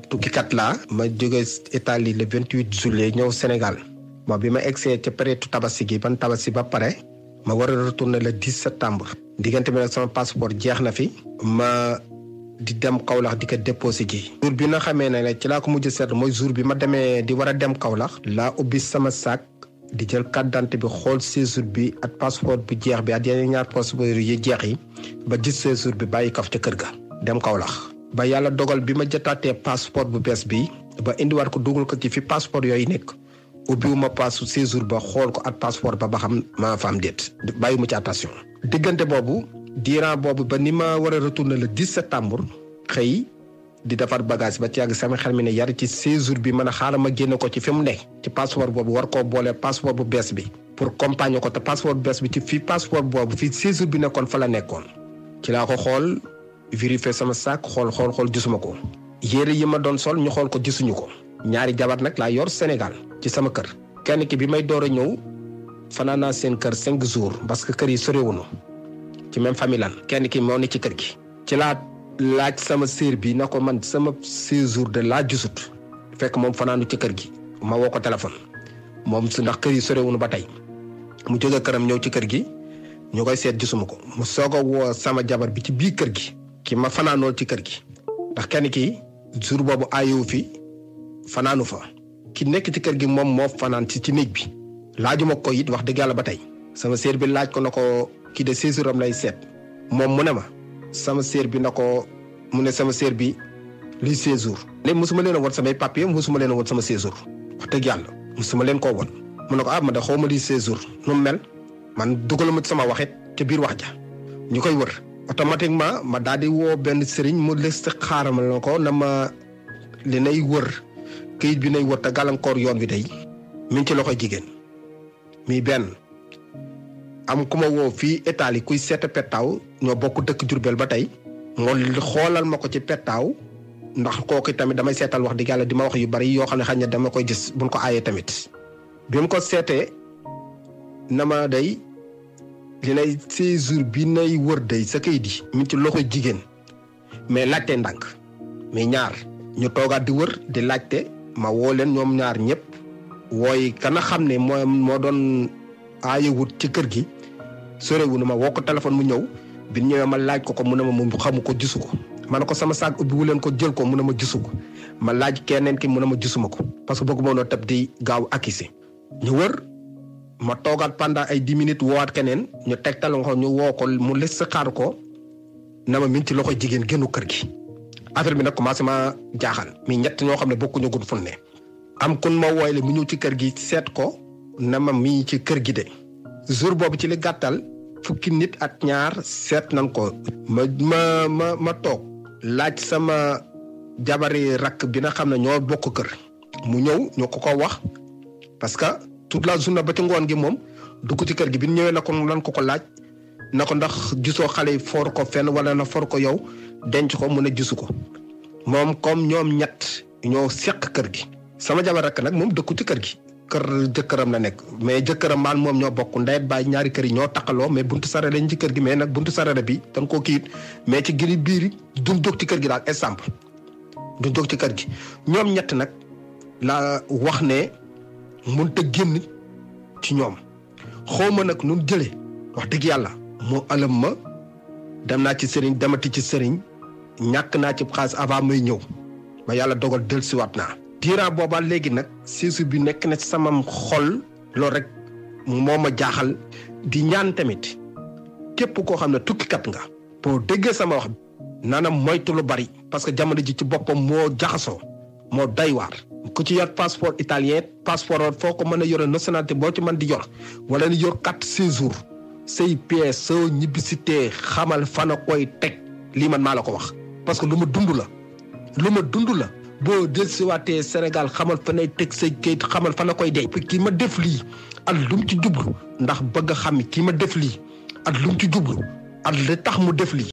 ab tukkikat laa ma jóge Italie le vingt huit juillet ñëw Sénégal bon bi ma egsee ca période tabaski gi ban tabaski ba pare ma war a retourner le dix septembre diggante bi nag sama passeport jeex na fi ma di dem Kaolack di ko déposé ji jour bi na xamee ne ci laa ko mujj seet mooy jour bi ma demee di war a dem Kaolack laa ubbi sama sac di jël carte d'identité bi xool séjour bi ak passeport bu jeex bi ak yeneen ñaar passeport yi jeex yi ba gis séjour bi bàyyi kaf ca kër ga dem Kaolack ba yàlla dogal bi ma jotaatee passeport bu bees bi ba indiwaat ko dugal ko ci fi passeport yooyu nekk ubbiwuma passe séjour ba xool ko at passeport ba ba xam ma fa am déet bàyyiwuma ci attention. diggante boobu diiran boobu ba ni ma war a retourner le 10 septembre xëy di defar bagage ba ci yàgg sama xel mi ne yar ci séjour bi mën a xaaral ma génne ko ci fi mu ne ci passeport boobu war koo boole passeport bu bees bi. pour compagner ko te passeport bu bees bi ci fii passeport boobu fii séjour bi nekkoon fa nekkoon vérifier sama sac xool xool xool gisuma ko yére yi ma doon sol ñu xool ko gisuñu ko ñaari jabar nag laa yor Sénégal ci sama kër kenn ki bi may door a ñëw fanaan naa seen kër cinq parce que kër yi sorewuñu ci même famille lan kenn ki moo ne ci kër gi ci laaj sama sœur bi na ko man sama séjour de laa gisut fekk moom fanaanu ci kër gi ma woo ko téléphone moom su ndax kër yi sorewuñu ba tey mu jóge këram ñëw ci kër gi ñu koy seet gisuma ko mu soog a woo sama jabar bi ci biir kër gi ki ma fanaanoo ci kër gi ndax kenn kii jour boobu aayewu fi fanaanu fa ki nekk ci kër gi moom moo fanaan ci ci néeg bi laajuma ko it wax dëgg yàlla ba tey sama séer bi laaj ko na ko kii de séjour am lay seet moom mu ne ma sama séer bi na ko mu ne sama séer bi luy séjour ne mosuma leen a won samay papier mosuma leen a sama séjour wax dëgg yàlla mosuma leen koo won mu ne ko ah ma da xaw ma luy séjour nu mu mel man dugaluma sama waxit ca biir wax ja ñu koy wër automatiquement ma daldi di woo benn sëriñ mu liste xaaramal na ko na ma li nay wër kayit bi nay wër te gàllankoor yoon bi day mi ci loxo jigéen mi benn am ku ma woo fii kuy seet pettaaw ñoo bokk dëkk jurbel ba tey moo xoolal ma ko ci pettaaw ndax kooku tamit damay seetal wax di yàlla di ma wax yu bari yoo xam ne na dama koy gis buñ ko aayee tamit bi ko seetee na day li lay séjour bi nay wër day sa kayit yi mu ci loxo jigéen mais laajte ndànk mais ñaar ñu toogaat di wër di laajte ma woo leen ñoom ñaar ñëpp wooy kana xam ne moo moo doon aayowut ci kër gi sorewu na ma woo ko téléphone mu ñëw bi ñëwee ma laaj ko ko mun ne ma mu xamu ko gisu ko ma ne ko sama saag ubbi leen ko jël ko mun ne ma gisu ko ma laaj keneen ki mu ne ma gisuma ko parce que bëgguma woon a di gaaw akisi ñu wër ma toogaat pendant ay dix minutes woowaat keneen ñu tegtal nga ñu woo ko mu lës xaar ko na ma min ci loxo jigéen génnu kër gi affaire bi nag commencé ma jaaxal mi ñett ñoo xam ne bokkuñu gun fu ne am kun ma wooyle mu ñëw ci kër gi seet ko na ma mi ci kër gi de jour boobu ci li gàttal fukki nit ak ñaar seet nan ko ma ma ma ma toog laaj sama jabari rakk bi nga xam ne ñoo bokk kër mu ñëw ñu ko ko wax parce toute la journée ba ci ngoon gi moom dugg ci kër gi bi ñu ñëwee na ko lan ko ko laaj na ko ndax gisoo xale yi foor ko fenn wala na for ko yow denc ko mu ne gisu ko moom comme ñoom ñett ñoo seq kër gi. sama jabar rakk nag moom dëkku ci kër gi. kër jëkkëram la nekk mais jëkkëram maan moom ñoo bokk ndey baay ñaari kër yi ñoo taqaloo mais buntu sarare lañ ci kër gi mais nag buntu sarare bi dañ koo kiit mais ci giri biir yi duñ jóg ci kër gi daal exemple duñ jóg ci kër gi ñoom ñett nag la wax ne mënut a génn ci ñoom xaw ma nag nun jële wax dëgg yàlla moo alam ma dem naa ci sëriñ demati ci sëriñ ñàkk naa ci xaalis avant may ñëw ba yàlla dogal dellusiwaat naa. diira boobaal léegi nag siisu bi nekk na ci sama xol loolu rek moo ma jaaxal di ñaan tamit képp koo xam ne tukkikat nga. boo déggee sama wax nana moytu lu bari parce que jamono ji ci boppam moo jaxasoo moo doy waar. ku ci yor passeport italien passeport foo ko mën a yore nationalité boo ci man di yor wala ni yor carte séjour say pièces soo te xamal fan koy teg lii man maa la ko wax. parce que lu ma dund la lu ma dund la boo dellusiwaatee Sénégal xamal fan ay teg say kayit xamal fan a koy dee. kii ma def lii at lu ci jublu ndax bëgg a xam kii ma def lii at lu ci jublu at li tax mu def lii.